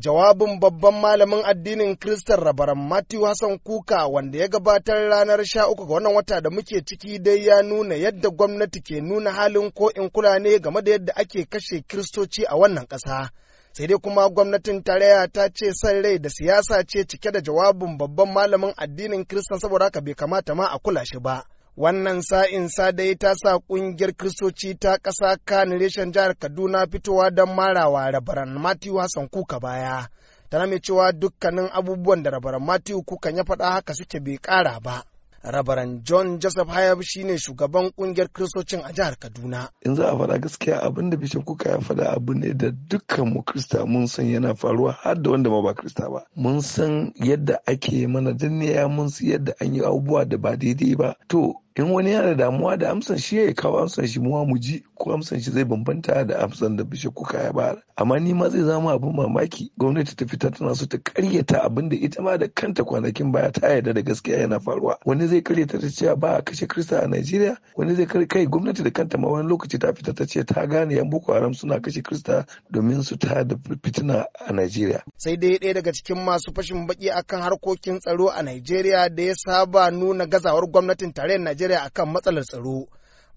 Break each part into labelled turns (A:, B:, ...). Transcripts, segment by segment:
A: Jawabin babban malamin addinin Kristan Rabaran Matthew Hassan Kuka wanda ya gabatar ranar sha uku ga wannan wata da muke ciki dai ya nuna yadda gwamnati ke nuna halin ko in kula ne game da yadda ake kashe Kiristoci a wannan ƙasa. sai dai kuma gwamnatin tarayya ta ce san rai da siyasa ce cike da jawabin babban malamin addinin Kirista saboda haka bai kamata ma a kula shi ba. Wannan sa'in dai ta sa ƙungiyar Kiristoci ta ƙasa reshen jihar Kaduna fitowa don marawa rabaran Matthew Hassan kuka baya. Tana mai cewa dukkanin abubuwan da rabaran Matthew kuka ya faɗa haka suke bai ƙara ba. rabaran john joseph hayab shine shugaban ƙungiyar kristocin a jihar kaduna
B: in za a faɗa gaskiya abin da bishop kuka ya faɗa abu ne da dukkan mu krista mun san yana faruwa har da wanda ma ba krista ba mun san yadda ake mana danniya mun san yadda an yi abubuwa da ba daidai ba to in wani yana da damuwa da amsan shi ya kawo amsan shi muwa mu ji ko amsan shi zai bambanta da amsan da bishe kuka ya bayar amma ni ma zai zama abin mamaki gwamnati ta fita tana so ta karyata abin da ita ma da kanta kwanakin baya ta yarda da gaskiya yana faruwa wani zai karyata ta cewa ba a kashe krista a najeriya wani zai kai gwamnati da kanta ma wani lokaci ta fita ta ce ta gane yan boko haram suna kashe krista domin su ta da fitina a najeriya
A: sai dai ɗaya daga cikin masu fashin baki akan harkokin tsaro a najeriya da ya saba nuna gazawar gwamnatin tarayyar najeriya Najeriya akan matsalar tsaro.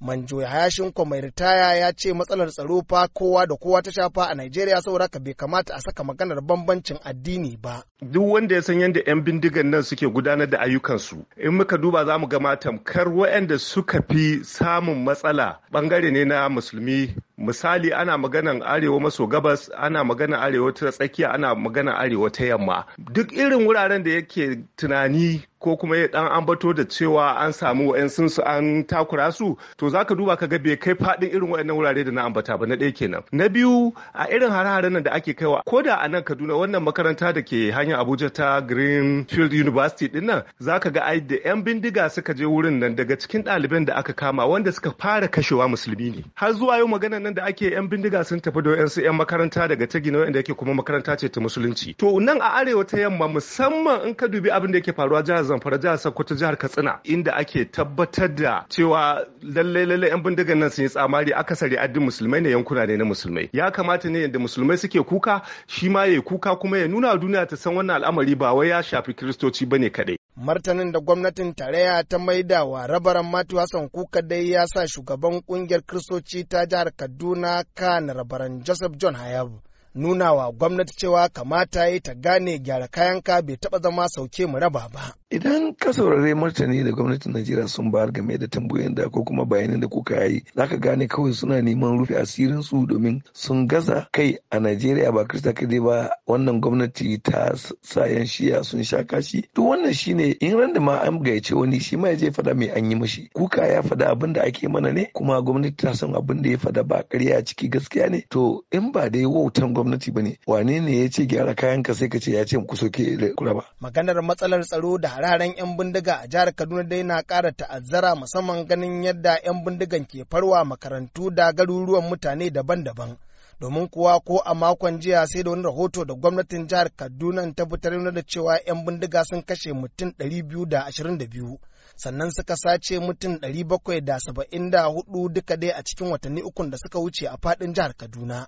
A: Manjo Hayashin mai ritaya ya ce matsalar tsaro fa kowa da kowa ta shafa a Najeriya saboda ka bai kamata a saka maganar
C: bambancin addini ba. Duk wanda ya san yadda 'yan bindigan nan suke gudanar da ayyukansu, in muka duba za mu gama tamkar waɗanda suka fi samun matsala bangare ne na musulmi misali ana maganar arewa maso gabas ana maganar arewa ta tsakiya ana maganar arewa ta yamma duk irin wuraren da yake tunani ko kuma ya dan ambato da cewa an samu wa'yansu su an takura su to za ka duba ka ga bai kai faɗin irin waɗannan wurare da na ambata ba na ɗaya kenan na biyu a irin hare hare nan da ake kaiwa ko da a nan kaduna wannan makaranta da ke hanyar abuja ta greenfield university din nan za ka ga ai da 'yan bindiga suka je wurin nan daga cikin ɗaliban da aka kama wanda suka fara kashewa musulmi ne har zuwa yau maganar nan da ake 'yan bindiga sun tafi da su 'yan makaranta daga ta gina da ke kuma makaranta ce ta musulunci to nan a arewa ta yamma musamman in ka dubi abin da yake faruwa jihar zamfara jihar sokoto jihar katsina inda ake tabbatar da cewa lallai-lallai yan bindigan nan sun yi tsamari akasari addin musulmai ne yankuna ne na musulmai ya kamata ne yadda musulmai suke kuka shi ma ya kuka kuma ya nuna duniya ta san wannan al'amari ba wai ya shafi kiristoci ba bane kadai
A: martanin da gwamnatin tarayya ta maida wa rabaran matu hassan kuka dai ya sa shugaban kungiyar kiristoci ta jihar kaduna kan rabaran joseph john hayabu nuna wa gwamnati cewa kamata yi ta gane gyara kayan ka bai taba zama sauke mu raba ba.
B: Idan ka saurare martani da gwamnatin Najeriya sun bayar game da tambayoyin da ko kuma bayanan da kuka yi, za ka gane kawai suna neman rufe asirin su domin sun gaza kai a Najeriya ba Kirista kadai ba wannan gwamnati ta sayan shiya sun sha kashi. Duk wannan shine in randa ma an gayyace wani shi ma ya je faɗa mai an yi mashi. Kuka ya faɗa abin da ake mana ne kuma gwamnati ta san abin da ya fada ba ƙarya ciki gaskiya ne. To in ba dai wautan gwamnati gwamnati ba ne wane ne ya ce gyara kayan sai ka ce ya ce ku soke kura
A: maganar matsalar tsaro da hararen yan bindiga a jihar kaduna dai na kara ta'azzara musamman ganin yadda yan bindigan ke farwa makarantu da garuruwan mutane daban-daban. domin kuwa ko a makon jiya sai da wani rahoto da gwamnatin jihar kaduna ta fitar da cewa 'yan bindiga sun kashe mutum 222 sannan suka sace mutum ɗari 774 duka dai a cikin watanni ukun da suka wuce a fadin jihar kaduna